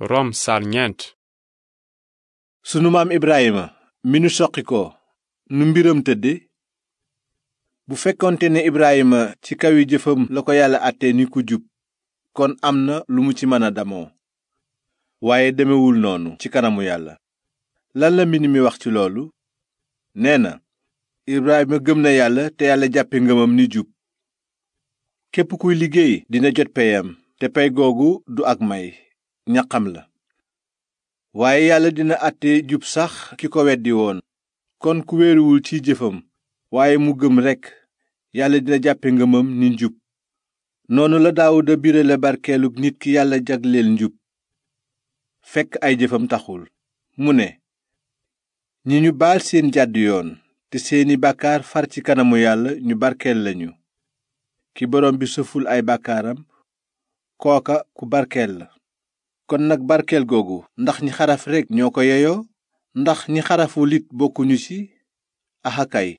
rom sar sunu maam ibrahima mi nu soqi ko nu mbiram tëdde bu fekkonte ne ibrahima ci kawi jëfam la ko yàlla àtte ni ku jub kon am na lu mu ci mën a damoo waaye demewul noonu ci kanamu yàlla lan la mbind mi wax ci loolu nee na ibrahima gëm na yàlla te yàlla jàppe ngëmam ni jub képp kuy liggéey dina jot peyam te pey googu du ak may ñaqam la waaye yàlla dina àtte jub sax ki ko weddi woon kon ku wéeruwul ci jëfam waaye mu gëm rekk yàlla dina jàppe ngëmam ni njub noonu la daawuda birale barkeelub nit ki yàlla jagleel njub fekk ay jëfam taxul mu ne ñi ñu baal seen jàdd yoon te seeni bàkkaar far ci kanamu yàlla ñu barkeel lañu ki borom bi sëful ay bàkkaaram kooka ku barkeel la kon nag barkeel googu ndax ñi xaraf rekk ñoo ko yeyoo ndax ñi xaraful it bokkuñu ci axakay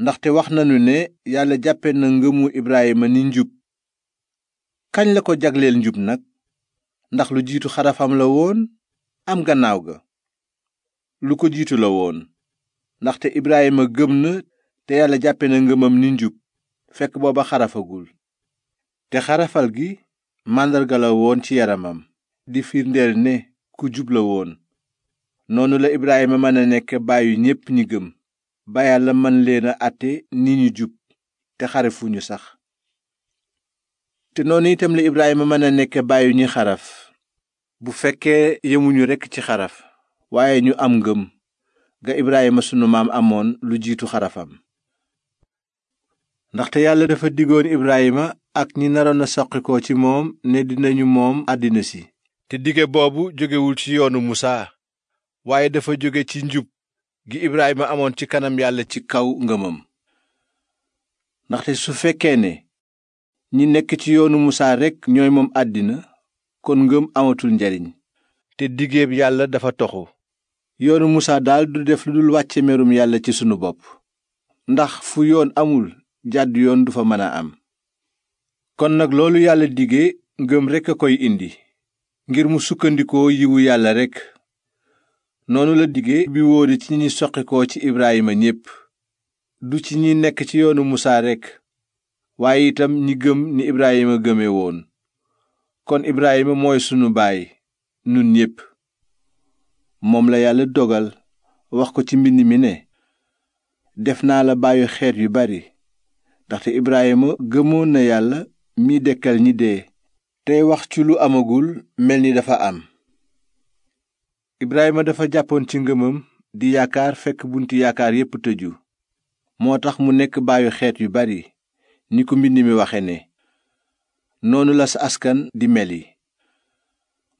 ndaxte wax nanu ne yàlla jàppe na ngëmu Ibrahima ni njub kañ la ko jagleel njub nag ndax lu jiitu xarafam la woon am gannaaw ga lu ko jiitu la woon ndaxte Ibrahima gëm na te yàlla jàppe na ngëmam ni njub fekk booba xarafagul te xarafal gi màndarga ci yaramam di firndeel ne ku jub la woon noonu la Ibrahima mën a nekk baayu ñépp ñi gëm ba Yàlla mën leen a àtte ni ñu jub te xarafuñu sax te noonu itam la Ibrahima mën a nekk baayu ñi xaraf bu fekkee yemuñu rekk ci xaraf waaye ñu am ngëm ga Ibrahima sunu maam amoon lu jiitu xarafam ak ñi naroon a soqikoo ci moom ne dinañu moom àddina si te dige boobu jógewul ci yoonu musaa waaye dafa jóge ci njub gi Ibrahima amoon ci kanam yàlla ci kaw ngëmam ndaxte su fekkee ne ñi nekk ci yoonu musaa rekk ñooy moom àddina kon ngëm amatul njariñ te digeeb yàlla dafa toxu yoonu musaa dal du def lu dul wàcce merum yàlla ci sunu bopp ndax fu yoon amul jàdd yoon du fa mën a am kon nag loolu yàlla dige ngëm rekk a koy indi ngir mu sukkandikoo yiwu yàlla rekk noonu la dige bi wóori ci ñi soqikoo ci Ibrahima ñépp du ci ñi nekk ci yoonu Musaa rekk waaye itam ñi gëm ni Ibrahima gëme woon kon Ibrahima mooy sunu baay nun ñépp moom la yàlla dogal wax ko ci mbind mi ne def naa la baayu xeet yu bari ndaxte Ibrahima gëmoon na yàlla mi dekkal ñi dee tey wax ci lu amagul mel ni dafa am Ibrahima dafa jàppoon ci ngëmam di yaakaar fekk bunt yaakaar yépp tëju moo tax mu nekk baayu xeet yu bari ni ko mbind mi waxe ne noonu la sa askan di meli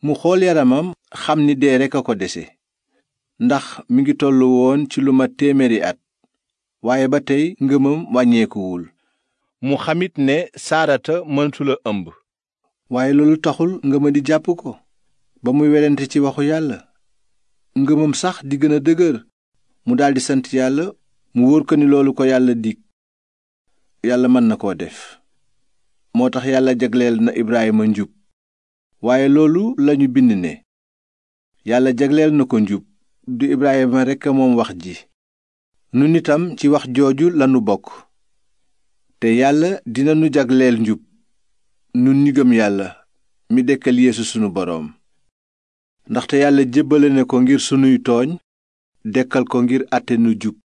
mu xool yaramam xam ni dee rekk a ko dese ndax mu ngi tollu woon ci lu ma téeméeri at waaye ba tey ngëmam wàññeekuwul mu xamit ne saarata mënatula ëmb waaye loolu taxul nga ngëma di jàpp ko ba muy welante ci waxu yàlla ngëmam sax di gën a dëgër mu daldi sant yàlla mu wóor ko ni loolu ko yàlla dig yàlla mën na koo def moo tax yàlla jagleel na Ibrahima njub waaye loolu lañu bind ne yàlla jagleel na ko njub du Ibrahima rekk moom wax ji nun itam ci wax jooju lanu bokk te yàlla dina nu jagleel njub nu ñi yàlla mi dekkal yéesu sunu boroom ndaxte yàlla jébbale na ko ngir sunuy tooñ dekkal ko ngir àtte nu jub